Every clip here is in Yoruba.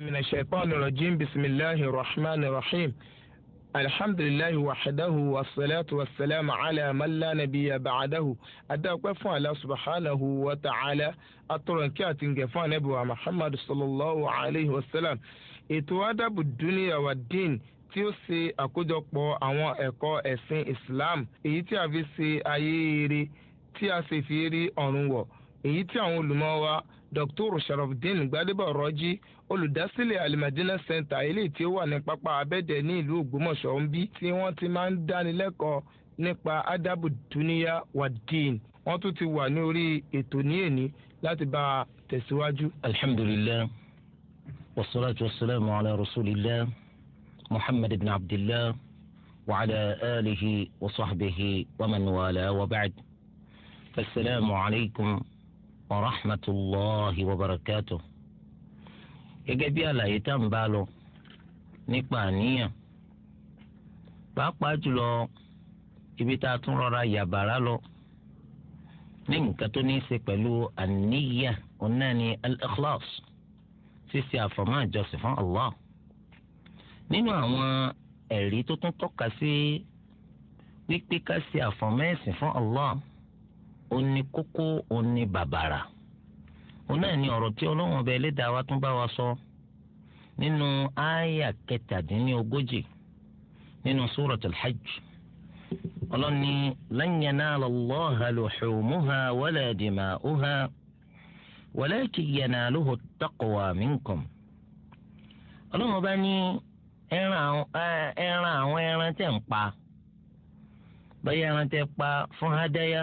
من الشيطان الرجيم بسم الله الرحمن الرحيم الحمد لله وحده والصلاة والسلام على من لا نبي بعده أدعوك فعل الله سبحانه وتعالى أترك أتنكفان أبو محمد صلى الله عليه وسلم إتوادب الدنيا والدين tí ó ṣe àkójọpọ̀ àwọn ẹ̀kọ́ ẹ̀sìn Islam èyí tí a fi ṣe ayé eré tí a sì fi rí ọ̀run wọ̀ èyí tí àwọn olùmọ̀ wa dr sharafdin gbadebo ọrọjí olùdásílẹ̀ alimadina center eléyìí tí ó wà ní pápá abẹ́dẹ ní ìlú ògbómọ̀ṣọ́ ń bí tí wọ́n ti máa ń dánilẹ́kọ̀ọ́ nípa adabu duniya wadin wọ́n tún ti wà ní orí ètò ní èní láti bá a tẹ̀síwájú. alhamdulilayi wasalaatu wasalaamu ala rasulillah muhammad ibn abdillah wa ala alihi wa sahbihi wa man wala wa ba'd. asalaamu alaykum wa rahmatulahi wa barakatu. gẹ́gẹ́ bí àlàyé tá n bá lọ nípa àníyàn pàápàá jùlọ ibi tá a tún rọra yàbàrá lọ ní nǹkan tó ní í ṣe pẹ̀lú àníyàn òun náà ni al-ikhlas ṣíṣe àfọ̀mọ́ àjọsìn fún Allah nínú àwọn ẹ̀rí tó tún tọ́ka sí wípé ká ṣe àfọ̀mọ́ ẹ̀sìn fún Allah òní kókó òní bàbàrà òun náà ni ọ̀rọ̀ tí ọlọ́run ọba ẹlẹ́dàá wa tún bá wa sọ nínú àyà kẹtàdínlógójì nínú suratul hajj ọlọ́ni lan yanala Allaha luhumuha wala dima'uha walakin yanaluhu at-taqwa minkum ọba ní ẹran àwọn ẹran tẹ̀ ń pa báyìí ẹran tẹ̀ pa fún hádáyà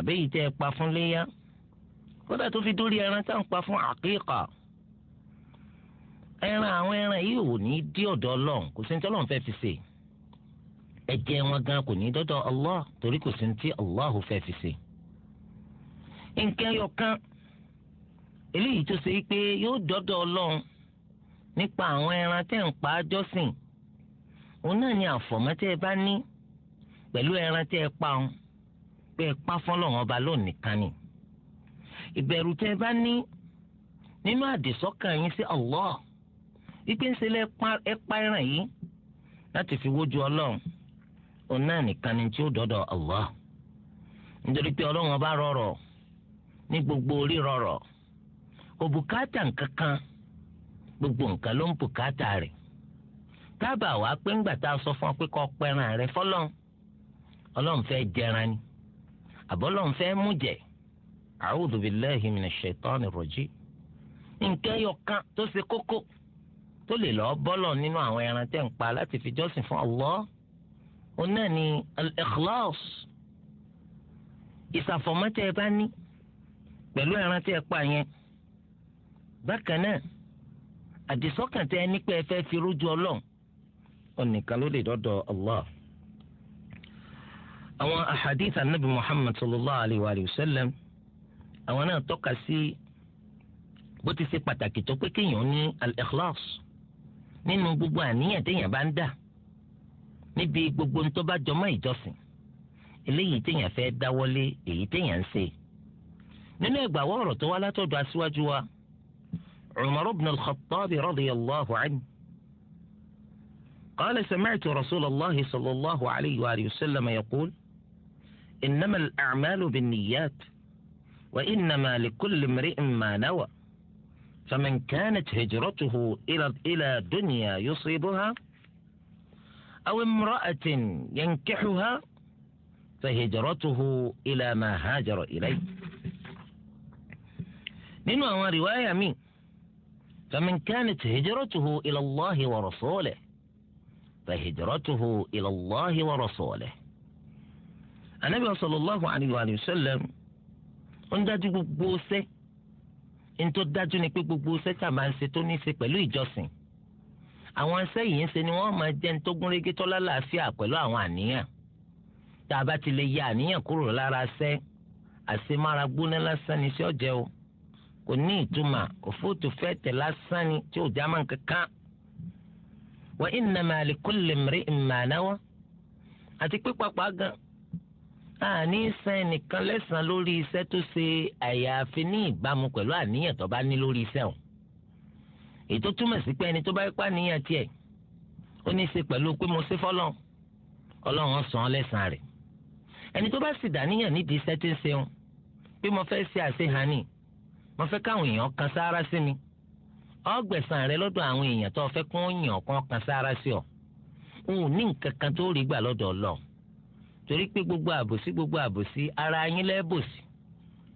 àbẹ́yìí tẹ́ ẹ pa fún léyà kódà tó fi dórí ẹran tá à ń pa fún àkíkà ẹran àwọn ẹran yìí ò ní dí ọ̀dọ̀ ọlọ́run kò sí ní tí ọlọ́run fẹ́ fi ṣe ẹ̀jẹ̀ wọn gan kò ní dọ́dọ̀ Allah torí kò sí ní tí Allah fẹ́ fi ṣe. nǹkan yọkan eléyìí tó ṣe pé yóò dọ́dọ̀ ọlọ́run nípa àwọn ẹran tẹ́ ń pa á òun náà ni àfọ̀mọ́ bá ní pẹ̀lú ẹran tẹ́ ẹ pa òun pé ẹ pa fọlọ́run ọba lónìí kan ni ìbẹ̀rù tẹ́ ẹ bá ní nínú àdìsọ́kàn yín sí Allah wípé ńṣe lẹ ẹ pa ẹran yìí láti fi wójú ọlọ́run òun náà tí ó dọ́dọ̀ Allah nítorí pé ọlọ́run ọba rọrọ̀ ní gbogbo orí rọrọ̀ àbọ̀lọ̀ ń fẹ́ mú jẹ a'udhu billahi minash shaitani rajim nǹkan yọkan tó ṣe kókó tó lè lọ́ọ́ bọ́lọ̀ nínú àwọn ẹran tẹ́ ń pa láti fi jọ́sìn fún Allah òun náà ni al-ikhlas ìsàfọ̀mọ́tẹ́ ẹ bá ní pẹ̀lú ẹran tí ẹ pa yẹn bákan náà àdìsọ́kàn ẹ ní pé ẹ fẹ́ fi rújú ọlọ́run ọ̀nìkan ló lè dọ́dọ̀ Allah. àwọn ahadith anabi muhammad sallallahu alayhi wa sallam àwọn náà tọ́ka sí bó ti ṣe pàtàkì tó pé kéèyàn ní al-ikhlas nínú gbogbo àníyàn téèyàn bá ń dà níbi gbogbo ń tó bá jọmọ́ ìjọsìn eléyìí téèyàn fẹ́ dáwọ́lé èyí téèyàn ń ṣe nínú ẹgbàáwọ̀ ọ̀rọ̀ tó wá látọ̀dọ̀ aṣíwájú wa umar ibn al-khattab radiyallahu anhu qala sami'tu rasulallah sallallahu alayhi wa sallam yaqul. إنما الأعمال بالنيات وإنما لكل امرئ ما نوى فمن كانت هجرته إلى إلى دنيا يصيبها أو امرأة ينكحها فهجرته إلى ما هاجر إليه nínú àwọn riwaya mi فمن كانت هجرته إلى الله ورسوله فهجرته إلى الله ورسوله anabi sallallahu alayhi wa sallam ó ń dájú gbogbo ṣẹ́ ń tó dájú ni pé gbogbo ṣẹ́ tá a máa ń ṣe tó ní í ṣe pẹ̀lú ìjọsìn àwọn ṣẹ́ yìí ń ṣe ni wọ́n máa jẹ́ ń tó gún régé tó lálàáfíà pẹ̀lú àwọn àníyàn tá a bá ti lè ya àníyàn kúrò lára ṣẹ́ àṣemára gbóná lásán ni sí ọ̀jẹ̀ o kò ní ìtumà òfóòtú fẹ́ tẹ̀ lásán ni tí ò jámọ́ kankan wa innama likulli imri'in àti pípapá gan-an àní san ẹnìkan lẹ́sàn-án lórí iṣẹ́ tó ṣe àyàfi ní ìbámu pẹ̀lú àníyàn tó bá ní lórí iṣẹ́ ọ̀hún ètò túmọ̀ sí pé ẹni tó bá ipá níyàn tiẹ̀ ó ní í ṣe pẹ̀lú pé mo ṣe fọ́lọ́n ọlọ́run san án lẹ́sàn-án rẹ̀ ẹni tó bá sì dàníyàn nídìí iṣẹ́ tó ń ṣe wọn pé mo fẹ́ ṣe àṣehàní mo fẹ́ káwọn èèyàn kan sáárá sí mi ọgbẹ̀sán rẹ lọ́dọ̀ àwọn èèyàn tó fẹ́ kún yàn kan kan sáárá sí ọ òun ní nǹkan kan tó rí gbà lọ́dọ̀ ọlọ́run torí pé gbogbo àbòsí gbogbo àbòsí ara yín lẹ́bòsí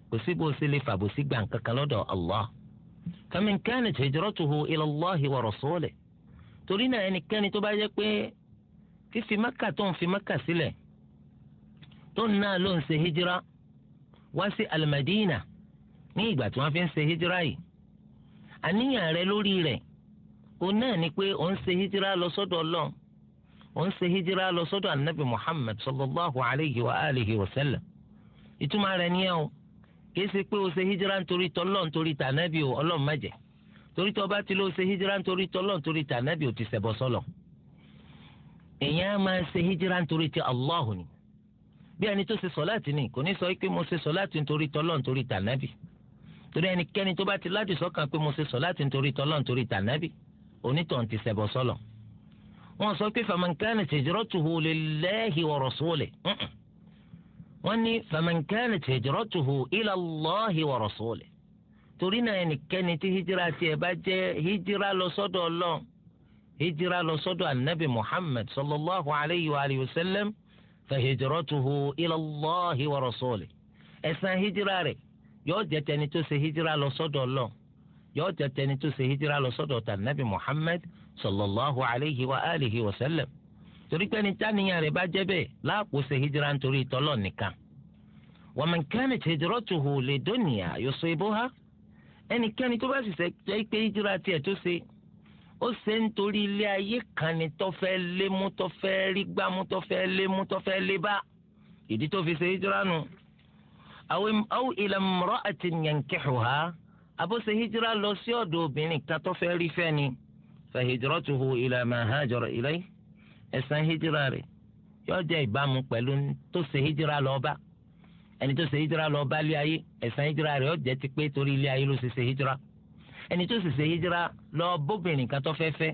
bòsí bòsí bó ṣe lè fàbòsí gbà kankan lọ́dọ̀ Allah famin kanat hijratuhu ila Allahi wa rasulihi torí náà ẹnikẹ́ni tó bá yẹ pé fífi mẹ́kà tó ń fi maka sílẹ̀ tó ń náà ló ń ṣe hijira wá sí alimadina ní ìgbà tí wọ́n fi ń ṣe hijira yìí àníyàn rẹ lórí rẹ̀ òun náà ni pé òun ṣe hijira lọ sọ́dọ̀ Ọlọ́run ó ń ṣe hijira lọ sọ́dọ̀ anabi muhammad sallallahu alayhi wa alihi wa sallam ìtumọ̀ rẹ̀ nìyẹn o kìí ṣe pé o ṣe hijira nítorí tọ́lọ́ nítorí tànàbì o ọlọ́run má jẹ́ torí tọ́ bá ti lọ ṣe hijira nítorí tọ́lọ́ nítorí tànàbì o ti ṣẹbọ sọ́lọ̀ èèyàn máa ń ṣe hijira nítorí ti allahu ni bí ẹni tó ṣe sọ́láàtì ni kò ní sọ pé mo ṣe sọ́láàtì nítorí tọ́lọ́ nítorí tànàbì torí ẹnikẹ́ni tó bá ti ládùúsọ́kàn pé mo ṣe sọ́láàtì nítorí tọ́lọ́ nítorí tànàbì onítàn ti ṣẹbọ sọ́lọ̀ wọ́n sọ pé faman kanat hijratuhu lillahi wa rasulihi wọ́n ní faman kanat hijratuhu ila Allahi wa rasulihi torí náà ẹnikẹ́ni tí hijira tiẹ̀ bá jẹ́ hijira lọ sọ́dọ̀ ọlọ́run hijira lọ sọ́dọ̀ anabi muhammed sallallahu alayhi wa alihi wa sallam fa hijratuhu ila Allahi wa rasulihi ẹ̀san hijira rẹ̀ yóò jẹ́ tẹni tó ṣe hijira lọ sọ́dọ̀ ọlọ́run yóò jẹ́ tẹni tó ṣe hijira lọ sọ́dọ̀ tànàbì muhammed sallallahu alayhi wa alihi wa sallam torí pé ní táníyàn rẹ̀ bá jẹ́ bẹ́ẹ̀ láàpò ṣe hijira nítorí tọ́lọ̀ nìkan wa man kanat hijratuhu li dunya yusibuha ẹnikẹ́ni tó bá sì ṣe jẹ́ pé hijira tiẹ̀ tó ṣe ó ṣe ń torí ilé ayé kan ni tó fẹ́ lé mú tó fẹ́ rí gbá ìdí tó fi ṣe hijira nù aw ila imra'atin yankihuha àbó ṣe hijira lọ sí ọ̀dọ̀ obìnrin kan tó rí fẹ́ ni fahijratuhu ila ma hajara ilayhi ẹ̀san hijira rẹ̀ yóò jẹ́ ìbámu pẹ̀lú tó ṣe hijira lọ bá ẹni tó ṣe hijira lọ bá lé ayé ẹ̀san hijira rẹ̀ yóò jẹ́ ti pé torí ilé ayé ló ṣe ṣe hijira ẹni tó ṣe ṣe hijira lọ bóbìnrin kan tó fẹ́fẹ́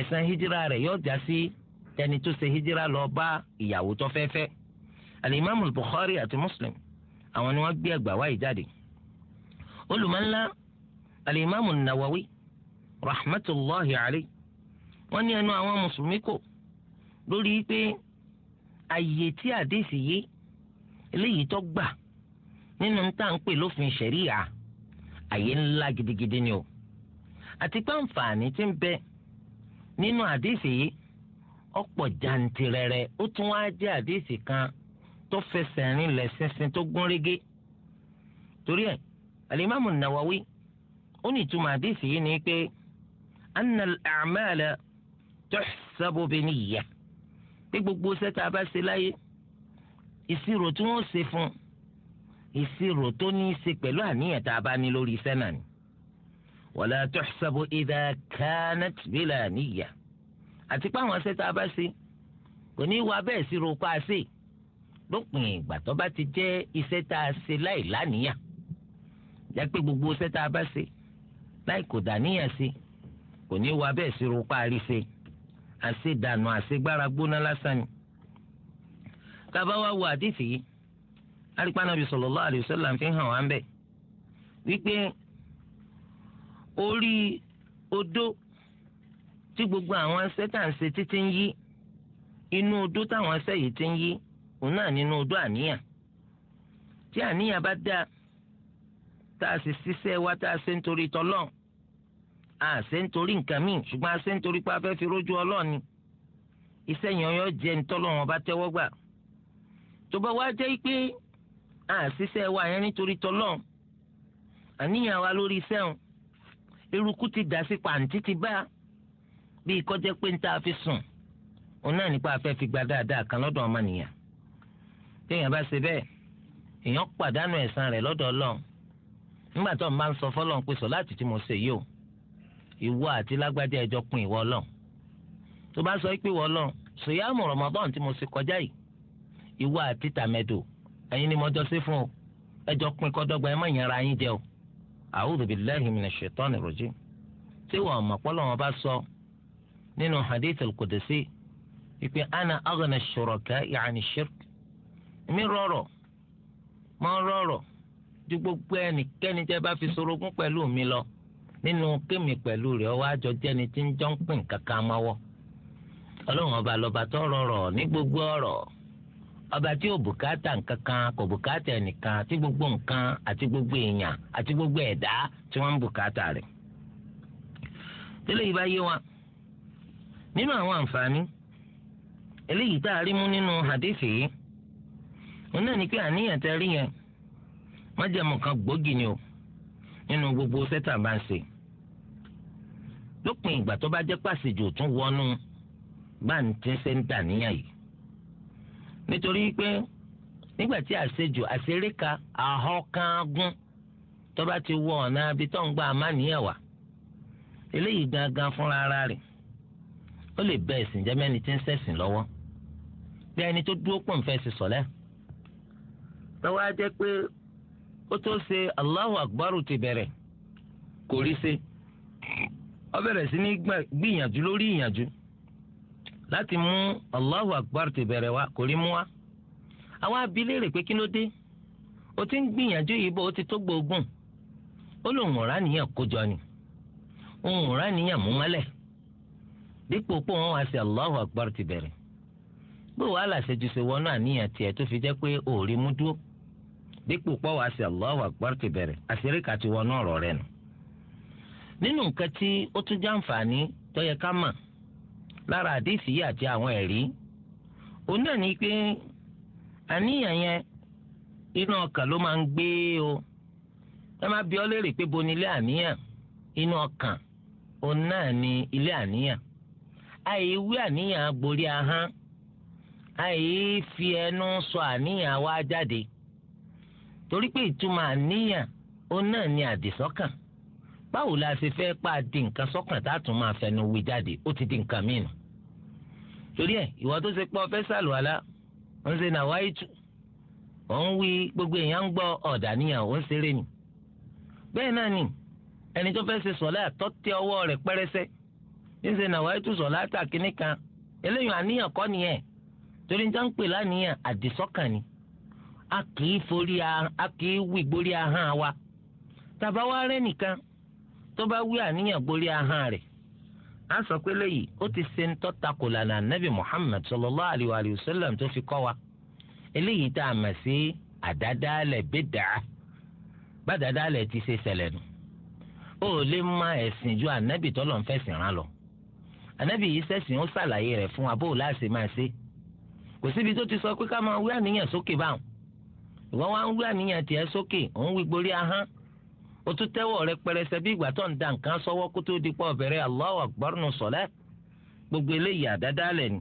ẹ̀san hijira rẹ̀ yóò já sí ẹni tó ṣe hijira lọ bá ìyàwó tó fẹ́fẹ́ alimami Bukhari àti Muslim àwọn ni wọ́n gbé ẹgbàá wáyé jáde olùmọ̀ńlá alimami Nawawi rahmatulahi alayhi wọ́n ní ẹnu àwọn mùsùlùmí kò lórí pé àyè tí àdéhìí yé eléyìí tó gbà nínú tá à ń pè lófin ṣẹ̀ríyà àyè ńlá gidigidi ni o àti pé àǹfààní ti ń bẹ nínú àdéhìí yìí ọ̀pọ̀ jàǹtìrẹrẹ ó tún wá jẹ́ àdéhìí kan tó fẹsẹ̀ rinlẹ̀ ṣinṣin tó gún régé torí ẹ̀ alimami nawawi ó ní ìtumọ̀ àdéhìí yìí ni pé anna al-a'mala tuhsabu biniyya pé gbogbo iṣẹ́ tá a bá ṣe láyé ìṣirò tí wọ́n ṣe fún ìṣirò tó ní í ṣe pẹ̀lú àníyàn tá a bá ní lórí iṣẹ́ náà ni wala tuhsabu idha kanat bila niyya àti pé àwọn iṣẹ́ tá a bá ṣe kò ní wá bẹ́ẹ̀ sí roko àṣẹ lópin ìgbà tó bá ti jẹ́ iṣẹ́ tá a ṣe láì láníyàn jẹ́ pé gbogbo iṣẹ́ tá a bá ṣe láì kò dàníyàn sí i kò ní wá bẹ́ẹ̀ sí rúpa àríṣe àṣedànù àṣegbára gbóná lásán ni. tábà wá wo àdìsí yìí arípa nàbì sallallahu alaihi wasallam fi hàn wá ń bẹ̀ wípé orí odó tí gbogbo àwọn ẹsẹ̀ tá à ń ṣe títí ń yí inú odó táwọn ẹsẹ̀ yìí ti ń yí òun náà nínú odó àníyàn tí àníyàn bá dáa tá a sì ṣiṣẹ́ wa tá a ṣe nítorí tọ́lọ́ọ̀ àṣẹ nítorí nǹkan míì ṣùgbọ́n àṣẹ nítorí pé a fẹ́ fi rójú ọlọ́run ni iṣẹ́ yẹn yọ jẹ́ nítọ́lọ́wọ́n bá tẹ́wọ́ gbà tó bá wá jẹ́ pé àṣìṣe wa yẹn nítorí tọ́lọ́run àníyàn wa lórí iṣẹ́ wọn eruku ti dà sí pàǹtí ti bá bí kọjá pé ń tá a fi sùn òun náà nípa afẹ́ fi gba dáadáa kan lọ́dọ̀ ọmọnìyàn téèyàn bá ṣe bẹ́ẹ̀ èèyàn pàdánù ẹ̀san rẹ̀ lọ́dọ̀ ọlọ́run nígbà tó ń bá ń sọ fọlọ́run pé sọ láti tí mo ṣe yìí o ìwọ àti lágbájá ẹjọ pin ìwọ Ọlọ́run tó bá sọ pé ìwọ Ọlọ́run sòyàmù Ramadan tí mo ṣe kọjá yìí ìwọ àti tàmẹdò ẹ̀yin ni mo jọ sí fún o ẹjọ pin kọdọgba ẹ má yẹn ara yín jẹ o a'udhu billahi minash shaitani rajim tí wọn mọ pọlọ wọn bá sọ nínú hadith al ìpè ana aghna ash-shuraka 'an mi rọrọ mọ rọrọ ju gbogbo ẹnikẹ́ni tẹ́ bá fi sorogún pẹ̀lú mi lọ nínú kémi pẹ̀lú rẹ̀ ọwọ́ àjọ jẹ́ni tí ń jọ́ ń pín kankan máwọ́ ọlọ́run ọba ní gbogbo ọ̀rọ̀ ọba tí ò bùkátà nǹkankan kò bùkátà ẹnìkan tí gbogbo nǹkan àti gbogbo èèyàn àti gbogbo ẹ̀dá tí wọ́n ń bùkátà rẹ̀ tẹ́lẹ̀ bá yé wa nínú àwọn àǹfààní eléyìí tá a rí mú nínú yìí wọn náà ní pé àníyàn tẹ rí o nínú gbogbo bá lópin ìgbà tó bá jẹ́ pàṣẹjù tún wọnú bá ń tí ń ṣe ń dà níyà yìí nítorí pé nígbà tí àṣejù àṣeréka àhọkángun tó bá ti wọ ọ̀nà abí tó ń gba àmàníyàwá eléyìí gangan fúnra ara rẹ̀ ó lè bẹ ẹ̀sìn jẹ́ mẹ́ni tí ń ṣẹ̀sìn lọ́wọ́ bí ẹni tó dúró pọ̀ ń fẹ́ ṣe sọ̀lẹ́ lọ́wọ́ á jẹ́ pé ó tó ṣe Allahu Akbar ti bẹ̀rẹ̀ kò rí ṣe. ó sí ní gbìyànjú lórí ìyànjú láti mú allahu akbar ti bẹ̀rẹ̀ wa kò rí mú wa àwọn abilé rè pé kí ló dé o ti ń gbìyànjú yìí bọ́, o ti tó gbóògùn ó lóun ọ̀rá nìyẹn kójọ ni òun ọ̀rá nìyẹn mú mọ́lẹ̀ dípò pé wọn wá sí allahu akbar ti bẹ̀rẹ̀ bó wàhálà ṣèjú ṣe wọnú àníyàn tiẹ̀ tó fi jẹ́ pé mú dúró dípò nínú nǹkan tí ó tún jẹ́ àǹfààní tó yẹ ká mọ̀ lára àdéhìsí àti àwọn ẹ̀rí òun náà ni pé àníyàn yẹn inú ọkàn ló máa ń gbé o ẹ má bi ọ́ lere pé bo ni ilé àníyàn inú ọkàn òun náà ni ilé àníyàn àìwí àníyàn borí ahọ́n àì fi ẹnu sọ àníyàn wá jáde torí pé ìtumọ̀ àníyàn òun náà ni àdìsọ́kàn. So báwo la ṣe fẹ́ pa di nǹkan sọ́kàn tá a tún máa fẹnu wí jáde ó ti di nǹkan mìíràn torí ẹ ìwà tó ṣe ọ fẹ́ sàlùwàlá ń ṣe tù ó gbogbo èèyàn ń gbọ́ ọ̀dà níyàn ó ń ṣeré nì bẹ́ẹ̀ ni ẹni tó fẹ́ ṣe sọ̀lá tó tẹ ọwọ́ rẹ̀ pẹ́rẹsẹ́ ń ṣe nàwáyé tù sọ̀lá tà kínní kan eléyìí àníyàn kọ́ torí ń a a tó bá wí àníyàn gborí ahọ́n rẹ̀ a sọ pé léyìí ó ti ṣe ń tọ́ta kò lànà nabi muhammad sallallahu alayhi wa sallam tó fi kọ́ wa eléyìí tá a mọ̀ sí àdádálẹ̀ bídàá bàdàdálẹ̀ ti ṣe ṣẹlẹ̀ nù ó lè má ẹ̀sìn ju ànábì tọ́lọ̀ ń fẹ̀sìn rán lọ ànábì yìí sẹ̀sìn ó ṣàlàyé rẹ̀ fún wa láṣẹ máa ṣe kò síbi tó ti sọ pé ká máa wí àníyàn sókè báwọn ìwọ́n wá ń wí àníyàn tiẹ̀ sókè òun wí gborí ahọ́n o tún tẹ́wọ́ rẹ pẹrẹsẹ bí ìgbà tó ń da nǹkan sọ́wọ́ kó tó di pọ̀ bẹ̀rẹ̀ Allahu Akbar nù sọ̀lẹ́ gbogbo eléyìí àdáda lẹ̀ ni.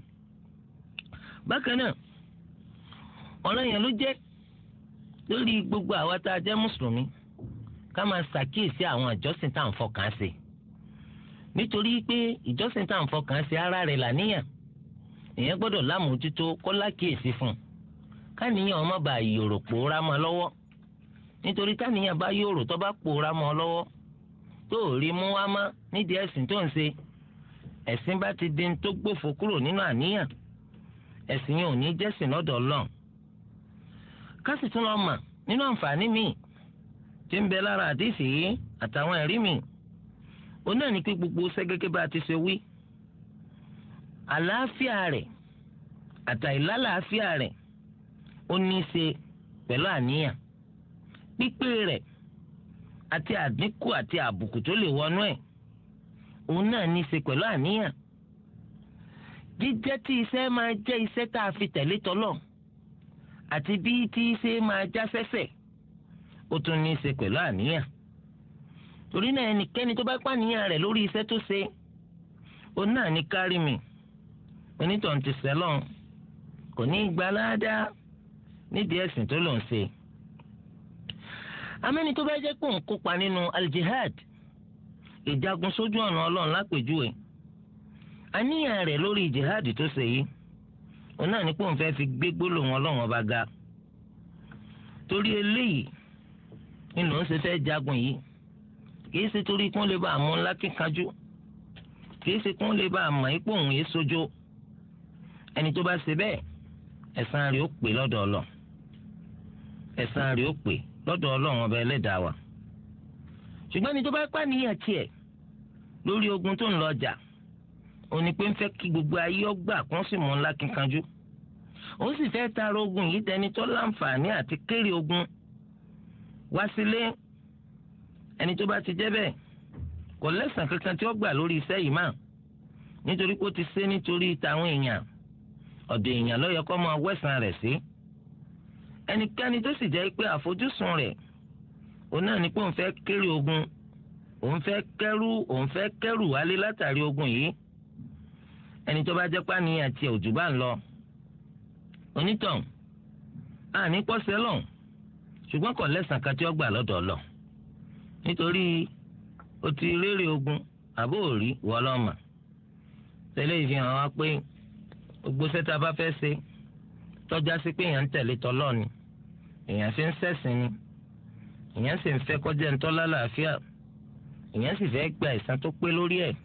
bákan náà ọ̀ràn yẹn ló jẹ́ lórí gbogbo àwa tá a jẹ́ mùsùlùmí ká máa ṣàkíyèsí àwọn ìjọsìn tá à ń fọkàn ṣe nítorí pé ìjọsìn tá à ń fọkàn ṣe ara rẹ̀ làníyàn èèyàn gbọ́dọ̀ lámòójútó kó lákíyèsí fún un káníyàn ọmọ bá yòrò pòórá mọ́ lọ́wọ́ nítorí táníyàn bá yòrò tó bá pòórá mọ́ ọ lọ́wọ́ tó ò rí mú wá mọ́ nídìí ẹ̀sìn tó ń ṣe ẹ̀sìn bá ti di tó gbòfò kúrò nínú àníyàn ẹ̀sìn yẹn ò ní jẹ́sìn lọ́dọ̀ Ọlọ́run kásì tún lọ mà nínú àǹfààní míì tí ń bẹ lára àdìsí yìí àtàwọn ẹ̀rí míì òun náà ní pé gbogbo sẹ́gẹ́gẹ́ bá a ti ṣe wí àlàáfíà rẹ̀ àtàìlálàáfíà rẹ̀ ó ní í ṣe pẹ̀lú àníyàn pípé rẹ̀ àti àdínkù àti àbùkù tó lè wọnú ẹ̀ òun náà ní í ṣe pẹ̀lú àníyàn jíjẹ́ tí iṣẹ́ máa jẹ́ iṣẹ́ tá a fi tẹ̀lé tọ́lọ̀ àti bí tí iṣẹ́ máa já sẹ́sẹ̀ ó tún ní í ṣe pẹ̀lú àníyàn torí náà ẹnikẹ́ni tó bá pàníyàn rẹ̀ lórí iṣẹ́ tó ṣe òun náà ní kárí mi onítọ̀hún sẹ́lọ̀ kò ní í gba ládàá nídìí ẹ̀sìn tó lòún ṣe amẹ́ni tó bá jẹ́ pé òun kópa nínú aljihad ìjagun sójú ọ̀nà ọlọ́run lápèjúwe àníyàn rẹ̀ lórí jihad tó ṣe yìí òun náà ní pé òun fẹ́ fi gbé gbólóhùn ọlọ́run ọba ga torí eléyìí ni lòun ṣe fẹ́ jagun yìí kìí ṣe torí kí wọ́n lè bá àmú ńlá kíkanjú kìí ṣe kí wọ́n lè bá àmọ́ ipò òun yìí sójó ẹni tó bá ṣe bẹ́ẹ̀ ẹ̀san rẹ̀ ó pè lọ́dọ̀ ọlọ́ rẹ̀ ó pè lọ́dọ̀ ọlọ́run ọba ẹlẹ́dàá wa ṣùgbọ́n ní tó bá pàníyàn tiẹ̀ lórí ogun tó ń lọ jà ó ní pé ń fẹ́ kí gbogbo ayé ọgbà kan sì mú ńlá kíkanjú ó sì fẹ́ tara ogun yìí dẹni tó láǹfààní àti kéré ogun wá sílé ẹni tó bá ti jẹ́ bẹ́ẹ̀ kò lẹ́sàn kankan tí ó gbà lórí iṣẹ́ yìí mà nítorí pé ó ti ṣe nítorí tàwọn èèyàn ọ̀dọ̀ èèyàn ló yẹ kó máa rẹ̀ sí. Si ẹnikẹ́ni tó sì jẹ́ pé àfojúsùn rẹ̀ òun náà ni pé òun fẹ́ kéré ogun òun fẹ́ kẹ́rù òun fẹ́ kẹ́rù wálé látàrí ogun yìí ẹni tó bá jẹ́ pání àti òjò bá ń lọ onítàn àní pọ́sẹ́lọ̀ ṣùgbọ́n kò lẹ́sàn kan tí ó gbà lọ́dọ̀ lọ nítorí o ti rérè ogun àbó òrí wọlọ́mà tẹ́lẹ̀ ìfihàn wa pé gbogbo sẹ́ta bá fẹ́ ṣe tọ́já sí pé èèyàn ń tẹ̀lé tọ́lọ́ ni èèyàn fi ń ṣẹ̀sìn ni èèyàn sì ń fẹ́ kọjá ń tọ́lá làáfíà èèyàn sì fẹ́ gba ìsan tó pé lórí ẹ̀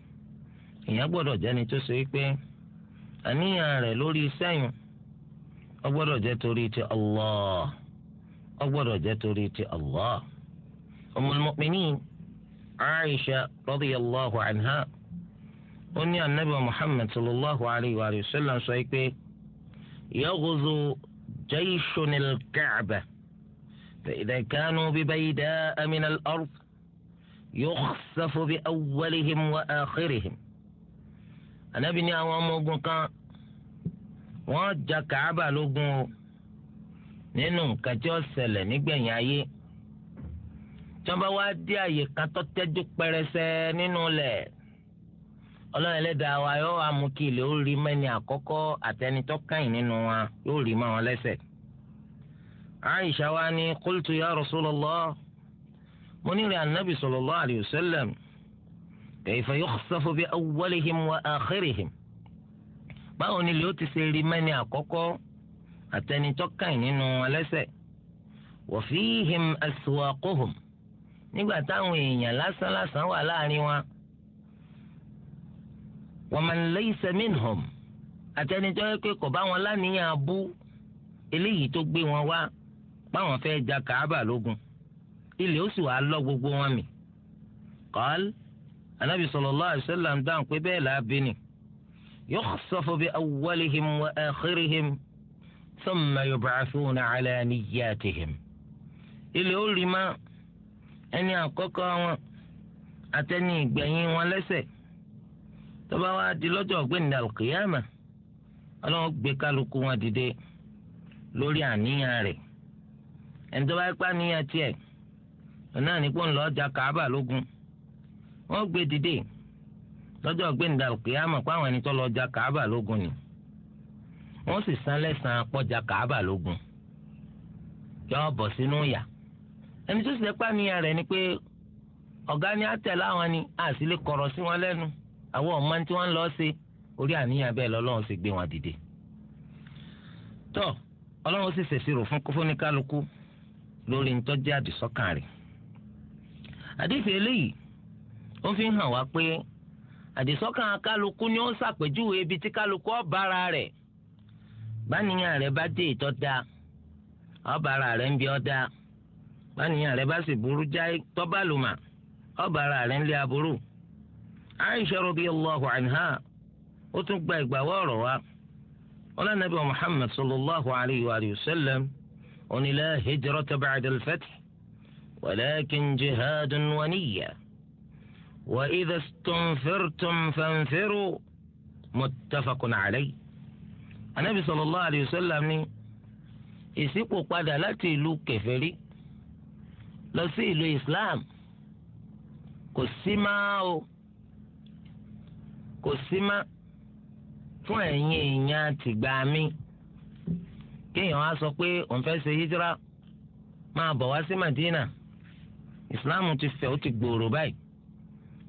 èèyàn gbọ́dọ̀ jẹ́ni tó so wípé àníyàn rẹ̀ lórí sẹ́yìn ó gbọ́dọ̀ jẹ́ torí ti Allah ó gbọ́dọ̀ jẹ́ torí ti Allah Ummul Mu'minin Aisha radiyallahu anha ó ní anabi Muhammad sallallahu alayhi wa sallam sọ wípé. So يغزو جيش الكعبة فإذا كانوا ببيداء من الأرض يخسف بأولهم وآخرهم أنا بني أوام وقا وجا كعبة لقو ننو كجوسل نبين يأيي تبا وادي أي كتو تجوك برسي ننو لأ ọlọ́run ẹlẹ́dàá wa yóò wá mú kí ilé ó rí mẹ́ni àkọ́kọ́ àtẹnitọ́ káyìn nínú wa yóò rí mọ́ wọn lẹ́sẹ̀. Aisha wa ni qultu ya Rasulullah mo ní rẹ̀ anabi sallallahu alayhi wa sallam kayfa yukhsafu bi awwalihim wa akhirihim báwo ni ilé ó ti ṣe rí mẹ́ni àkọ́kọ́ àtẹnitọ́ káyìn nínú wa lẹ́sẹ̀ wa fihim aswaquhum nígbà táwọn èèyàn lásán lásán wà láàrin wa wa man laysa minhum àtẹnitọ́ yẹ pé kò bá wọn lánìyàn abú eléyìí tó gbé wọn wá báwọn fẹ́ ja kàábà lógun ilé ó sì wàá lọ gbogbo wọn mì qal anabi sallallahu alaihi wasallam dáhùn pé bẹ́ẹ̀ là á bí ni yukhsafu bi awwalihim wa akhirihim thumma yub'athuna ala niyyatihim ilé ó rí ma ẹni àkọ́kọ́ wọn àtẹni ìgbẹ̀yìn wọn lẹ́sẹ̀ẹ́. tọ́ba wa di lọ́jọ́ ọ̀gbẹ́ni alqiyama ọlọ́run gbé kálukú wọn dìde lórí àníyàn rẹ̀ ẹni tó bá pa níyàn tiẹ̀ náà ní kó ọjà kàábà lógun wọ́n gbé dìde lọ́jọ́ ọ̀gbẹ́ni alqiyama pé àwọn ẹni tó lọ ọjà kàábà lógun ni wọn sì san lẹ́sàn-án pọ́jà kàábà lógun yọ bọ̀ sínú yà ẹni tó sì pa níyàn rẹ̀ ni pé ọ̀gá ni á láwọn ni àsìlè kọ̀rọ̀ sí wọn lẹ́nu. àwọn ọmọ tí wọ́n ń lọ sí orí àníyàn bẹ́ẹ̀ lọ́lọ́run sì gbé wọn dìde. tọ ọlọ́run sì ṣèṣirò fún fúnikálukú lórí ntọ́jú àdìsọ́kàn rẹ̀. àdìsí fi hàn wá pé àdìsọ́kàn kálukú ni ó ṣàpèjúwe ibi tí kálukú ọ̀bára rẹ̀ báníyàn rẹ̀ bá da ọ̀bára rẹ̀ ń da báníyàn rẹ̀ bá sì burú ọ̀bára rẹ̀ ń lé aburú. aisha radiyallahu anha ó tún gba ìgbàwọ́ ọ̀rọ̀ wa ọlọ́nàbí wa muhammad sallallahu alayhi wa sallam oní la hijrata ba'da al-fath walakin jihadun wa niyya wa idha istunfirtum fanfiru muttafaqun alayhi anabi sallallahu alayhi wa sallam ni ìsìpò padà láti ìlú kèfèrí lọ sí ìlú islam kò sí máa o. kò sí má fún ẹ̀yin èèyàn tìgbà mi kéèyàn á sọ pé òun fẹ́ ṣe hijira máa bọ̀ wá sí Madina ìsìláàmù ti fẹ̀ ó ti gbòòrò báyìí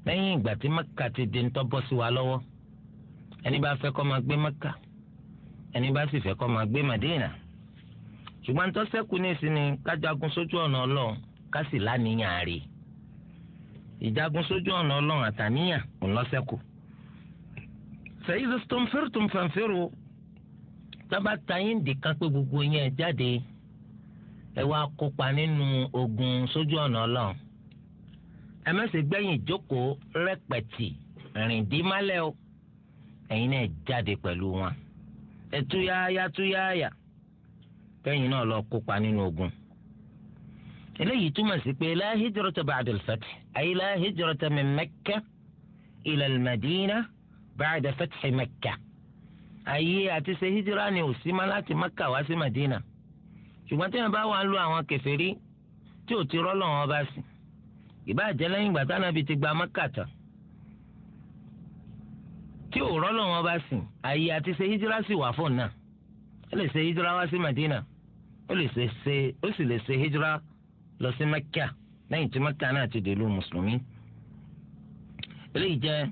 lẹ́yìn ìgbà tí Mẹ́kà ti di ń tọ́bọ̀ sí wa lọ́wọ́ ẹni bá fẹ́ kó máa gbé Mẹ́kà ẹni bá sì fẹ́ kó máa gbé Madina ṣùgbọ́n tó ṣẹ́kù ní ìsinmi kájagun sójú ọ̀nà ọlọ́run ká sì láníyàn rè ìjagun sójú ọ̀nà ọlọ́run àtàníyàn ń lọ́sẹ̀kù fẹ̀yìí tó ń fẹ́rù tó ń fanfẹ́rù tábà tayín dìkan pé gbogbo yẹn jáde ẹ wá kópa nínú ogun sójú ọ̀nà ọlọ́run ẹ má ṣe gbẹ̀yìn jókòó rẹpẹ̀tì rìndínmálẹ̀ o ẹ̀yin náà jáde pẹ̀lú wọn ẹ túyáyá túyáyá kẹ́yìn náà lọ kópa nínú ogun eléyìí túmọ̀ sí pé la hijrata ba'dal fath ay la hijrata min Makkah ila بعد فتح مكة، ayé أتي سهيدراني hijira ni ò sí má láti mẹ́kà wá sí كفري، ṣùgbọ́n tẹ́yìn bá wà ń lo àwọn kèfèrí tí ò ti rọ́lọ̀ wọn bá sí ìbá jẹ́ lẹ́yìn ìgbà tánábì ti gba mẹ́kà tán tí ò rọ́lọ̀ wọn bá sí ayé àti ṣe hijira sì wà fún náà ó lè ṣe hijira wá sí madina ó sì lè ṣe hijira lọ sí mẹ́kà lẹ́yìn tí mẹ́kà náà ti dèlú mùsùlùmí eléyìí jẹ́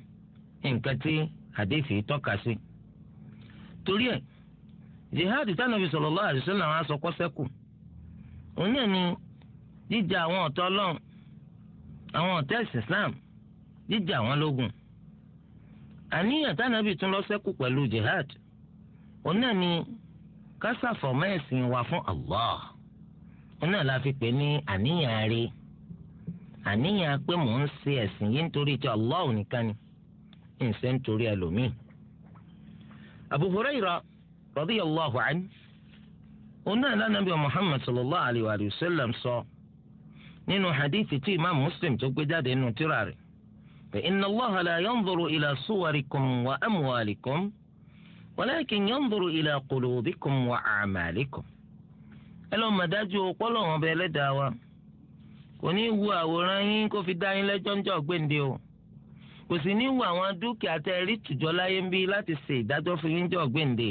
nǹkan tí àdéfì tọ́ka sí. torí ẹ̀ jihad tánàbí sallallahu alaihi wasallam àwọn asọkọ sẹ́kù òun náà ni jíjà àwọn ọ̀tá ọlọ́run àwọn ọ̀tá ẹ̀sìn Islam jíjà àwọn lógun àníyàn tánàbí tún lọ sẹ́kù pẹ̀lú jihad òun náà ni kásàfọ̀mọ́ ẹ̀sìn wa fún Allah òun náà la fi pè ní àníyàn rí àníyàn pé mò ń ṣe ẹ̀sìn yìí nítorí tí Allah nìkan ni. ǹṣẹ́ nítorí ẹlòmíì. Abu Hurayra radiyallahu anhu òun náà lánàbí Muhammad sallallahu alayhi wa sallam sọ nínú hadithi tí imaamu Muslim tó gbé jáde nínú tírà rẹ̀ pé inna Allaha la yanzuru ila suwarikum wa amwalikum walakin yanzuru ila qulubikum wa a'malikum. ẹ lọ́ọ́ mọ̀ dájú ọpọlọ wọn bẹ ẹlẹ́dàá wa kò ní í wu àwòrán yín kó fi dá yín lẹ́jọ́ ńjọ́ gbéǹde o kò sì ní wo àwọn dúkìá tẹ rí tùjọ láyé ń bí láti ṣe ìdájọ́ fún yín jọ gbèǹde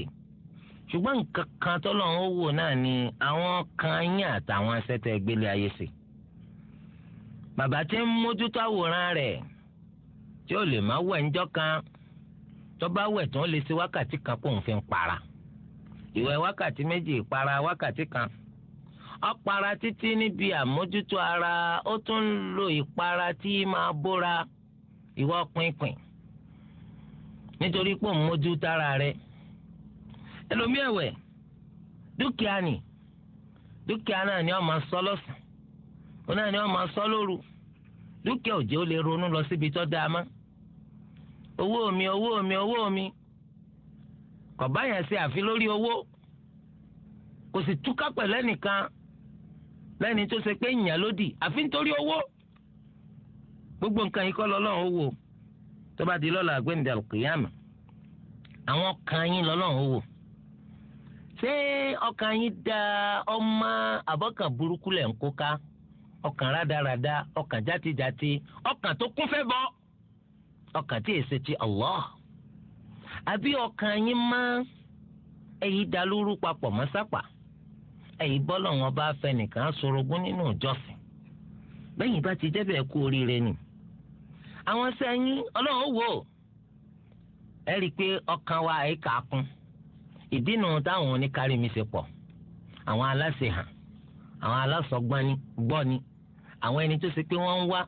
ṣùgbọ́n nǹkan kan tọ́lọ́run ó wò náà ni àwọn kan yín àtàwọn asẹ́tẹ̀ gbélé ayé sí. bàbá tí ń mójútó àwòrán rẹ̀ tí ó lè má wẹ̀ ńjọ́ kan tó bá wẹ̀ tán lè ṣe wákàtí kan kó ń fi para ìwẹ̀ wákàtí méjì para wákàtí kan ọ̀para títí níbi àmójútó ara ó tún ń lo ìpara tí máa bóra ìwọ pínpín nítorí pé òun mójú tára rẹ ẹlòmíì ẹ̀wẹ̀ dúkìá ni dúkìá náà ni wọ́n máa sọ lọ́sàn òun náà ni wọ́n máa sọ lóru dúkìá òjò lè ronú lọ síbi tó dáa mọ́ owó mi owó mi owó mi kò báyẹn ṣe àfi lórí owó kò sì túká pẹ̀lú ẹnìkan lẹ́ni tó ṣe pé ìyàn lódì àfi nítorí owó. gbogbo nǹkan yìí kọ́ lọ́lọ́run ó wò tó bá di lọ́la àwọn kan yín lọ́lọ́run ó wò ṣé ọkàn yín da ọmọ àbọ̀kàn burúkú lẹ̀ ń kó ká ọkàn rádaràda ọkàn játijáti ọkàn tó kún fẹ́ bọ́ ọkàn tí èsì ti Allah àbí ọkàn yín maa eyi dalúrú papọ̀ bọ́lọ̀ wọn bá fẹ́ nìkan nínú ìjọsìn àwọn sẹ́yìn ọlọ́run ó wò ó ẹ rí i pé ọkàn wa àyíká kún ìdínà táwọn oníkárí mi ṣe pọ̀ àwọn aláṣẹ hàn àwọn alásọgbọ́ni gbọ́ni àwọn ẹni tó ṣe pé wọ́n ń wá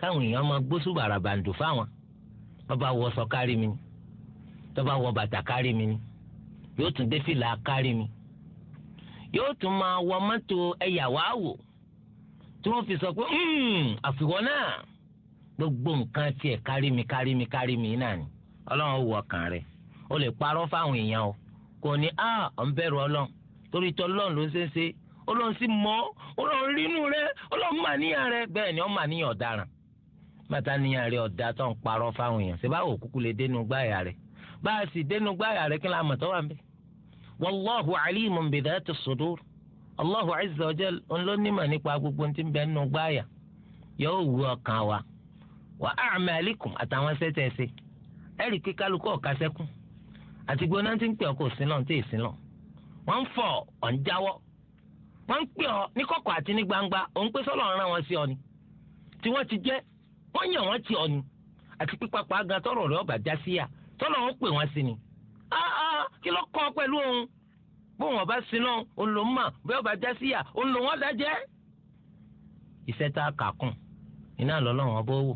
káwọn èèyàn máa gbóṣù bàràbàǹdù fáwọn bàbá wọ sọ kárí mi ni tọ́ba wọ bàtà kárí mi ni yóò tún dé fìlà kárí mi yóò tún máa wọ mọ́tò ẹ̀yà wá wò tí wọ́n fi sọ pé hmm, àfiwọ́ náà gbogbo nǹkan tiẹ̀ kárí mi kárí mi kárí mi náà ni ọlọ́run ò wọ ọkàn rẹ̀ o lè parọ́ fáwọn èèyàn o kò ní a ọ̀ ń bẹ̀rù ọlọ́run torí tọ́ ọlọ́run ló ń ṣe é ṣe ọlọ́run sì mọ̀ ọlọ́run rínú rẹ ọlọ́run mà níyàn rẹ bẹ́ẹ̀ ni ọ́ mà níyàn ọ̀daràn mẹ́ta níyàn rẹ ọ̀dà tó ń parọ́ fáwọn èèyàn ṣèbá ò kúkú lè dénú gbáyà rẹ bá a sì dénú gbáyà rẹ kí n lámọ̀ tó wà mí. wallahu alimun bidhati sudur Allahu azza wa jal ńlọ́nímọ̀ nípa gbogbo tí ń bẹ gbáyà yóò wú ọkàn wa wa a'malikum àtàwọn sẹ́tẹ̀ẹ̀sẹ̀ ẹ̀rì pé kálukú ọ̀ka sẹ́kù àti gbóná ti ń pè ọ́ kò sí náà tí ì sí náà wọ́n ń fọ̀ ọ̀ ń jáwọ́ wọ́n ń pè ọ́ ní kọ̀kọ̀ àti ní gbangba òun pé sọ́lọ́ ń rán wọn sí ọ ni tí wọ́n ti jẹ́ wọ́n yàn wọ́n ti ọ ni àti pípapà gan tọrọ rẹ ọba já síyà tọ́lọ̀ wọn pè wọ́n sí ni kí ló kọ́ pẹ̀lú òun bó wọn bá sin náà òun ọba já síyà òun ló dájẹ́. ìṣẹ́ tá iná lọ́lọ́run ọbọ̀ wò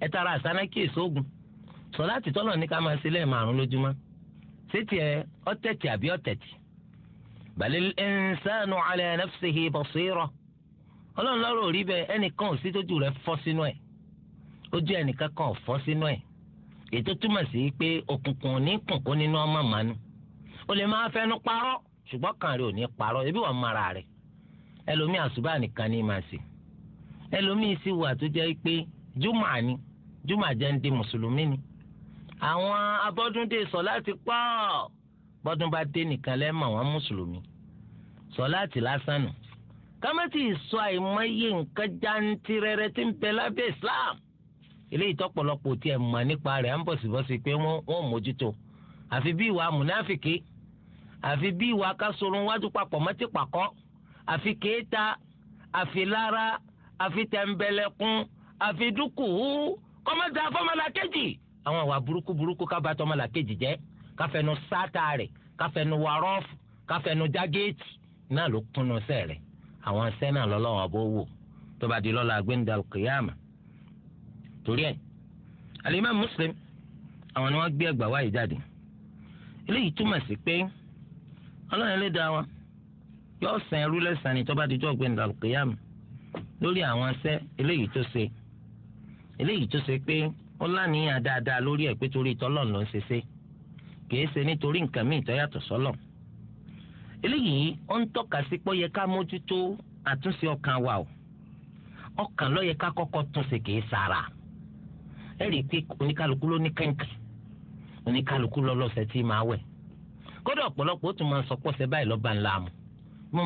ẹ tara àsánà kíyèsí ogun sọláàtì tọ́lọ̀ ní ká máa ṣe lẹ́ẹ̀márùn lójúmọ́ sétí ẹ ọ̀tẹ̀tì àbí ọ̀tẹ̀tì balil insanu ala nafsihi basira ọlọ́run lọ́rọ̀ rí bẹ́ẹ̀ ẹnìkan ò sí tójú rẹ̀ fọ́ sínú ẹ̀ ojú ẹnìkan kan ò fọ́ sínú ẹ̀ ètò túmọ̀ sí pé òkùnkùn ní kùnkùn nínú ọmọ o lè máa parọ́ ṣùgbọ́n kan rẹ̀ ò ní parọ́ ebi wa mara rẹ̀ ẹlòmíì àṣùbà nìkan ní ẹlòmíì sì wà tó jẹ́ pé jùmọ̀ àní Juma jẹ́ ń di mùsùlùmí ni àwọn abọ́dúndé sọ̀láàtì pọ̀ bọ́dún bá dé nìkan lẹ́mọ̀ wọn mùsùlùmí sọ̀láàtì lásán nù kámẹ́tì sọ àìmọye nǹkan jantirẹrẹ tí ń bẹ lábẹ́ Islam eléyìí tọ́pọ̀lọpọ̀ tiẹ̀ mọ̀ nípa rẹ̀ à ń bọ̀sibọ́sí pé wọ́n mójútó àfi bí ìwà múnáfìkì àfi bí ìwà kásorun wájú papọ̀ mọ́tì pàkọ́ àfi kéèta àfi lára àfi tẹ̀m̀bẹ̀lẹ̀kún àfi dúkùú kọ́mọ da fọmọlá kejì àwọn àwa burúkú burúkú kábàá tọmọlá kejì jẹ́ káfẹnu sáta rẹ̀ káfẹnu warọ́ọ̀fù káfẹnu jágéètì náà ló kúnnú sẹ́ rẹ̀ àwọn sẹ́ lọ́lọ́wọ́ bó wò tó bá di lọ́la gbẹ́ndà kìyàmà torí ẹ̀ alimam muslim àwọn ni wọ́n gbé ẹgbàá wáyé jáde eléyìí túmọ̀ sí pé ọlọ́run ẹlẹ́dàá wa yóò san ẹrú lẹ́sàn-án ni tó bá di jọ́ gbẹ́ndà kìyàmà lórí àwọn sẹ́ eléyìí tó ṣe eléyìí tó ṣe pé ó láníyàn dáadáa lórí ẹ̀ pé torí tọ́lọ́run ló ń ṣe ṣe kìí ṣe nítorí nǹkan míì tó yàtọ̀ sọ́lọ̀ eléyìí ó ń tọ́ka sí yẹ ká mójútó àtúnṣe ọkàn wa o ọkàn ló yẹ ká kọ́kọ́ kìí sara ẹ rí i pé oníkálukú ló ní oníkálukú tí wẹ̀ kódà ọ̀pọ̀lọpọ̀ ó tún máa ń báyìí lọ́ba ńlá mu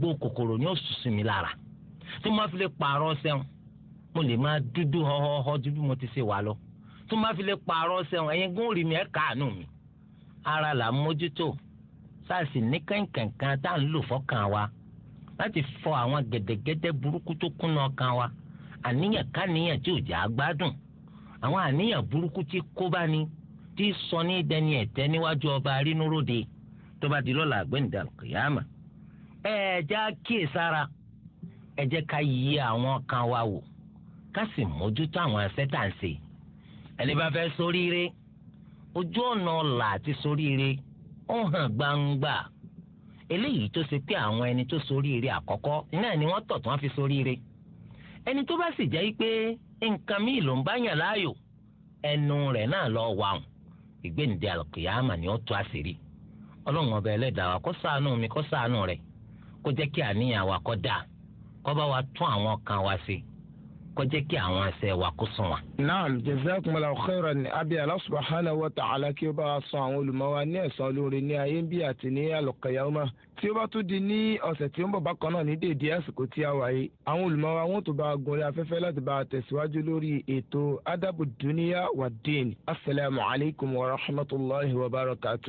bí mo bá tí má fi lè pààrọ̀ sẹ́wọ̀n mo lè máa dúdú họ́họ́họ́ dúdú mo ti ṣe wà lọ tí má fi lè pààrọ̀ sẹ́wọ̀n ẹ̀yin gún rí mi ẹ̀ káànú mi ara là ń mójútó sáàsì ní kẹ̀kẹ̀kan tá à ń lò fọ́kàn wa láti fọ àwọn gẹ̀dẹ̀gẹ̀dẹ̀ burúkú tó kúnná ọkàn wa àníyàn káníyàn tí ò jẹ́ àgbádùn àwọn àníyàn burúkú tí kóbá ni tí sọ ní dẹni ẹ̀tẹ́ níwájú ọba arínúróde tó bá di lọ́la àgbẹ̀ǹdà kìyàmà ẹ̀ẹ́dá kíyèsára. E, ẹ jẹ́ ká yí àwọn kan wa wò ká sì mójútó àwọn asẹ́tàǹsì ẹni bá fẹ́ ṣoríire ojú ọ̀nà ọ̀la àti ṣoríire ó hàn gbangba eléyìí tó ṣe pé àwọn ẹni tó ṣoríire àkọ́kọ́ náà ni wọ́n tọ̀ tí wọ́n fi ṣoríire ẹni tó bá sì jẹ́ pé nǹkan míì ló ń bá yàn láàyò ẹnu rẹ̀ náà lọ wà hùn ìgbéǹde àlùkìyàmà ni ó tú àṣírí ọlọ́run ọba ẹlẹ́dàá wa kó ṣàánú mi kó ṣàánú rẹ̀ kó jẹ́ kí àníyàn wa kó dáa kó bá wa tún àwọn kan wa sí kó jẹ́ kí àwọn ẹsẹ̀ wa kó sùn wa. naam jazakumullahu khairan ni abi Allah subhanahu wa ta'ala kí ó bá wa san àwọn olùmọ̀ wa ní ẹ̀san olóore ní ayé bí àti ní alqiyama tí ó bá tún di ní ọ̀sẹ̀ tí ó ń bọ̀ bákan náà ní dèédé àsìkò tí a wà yìí àwọn olùmọ̀ wa wọn tó bá gunlé afẹ́fẹ́ láti bá a tẹ̀síwájú lórí ètò adabu duniya wa deen asalaamualeykum wa rahmatulahi wa barakatu.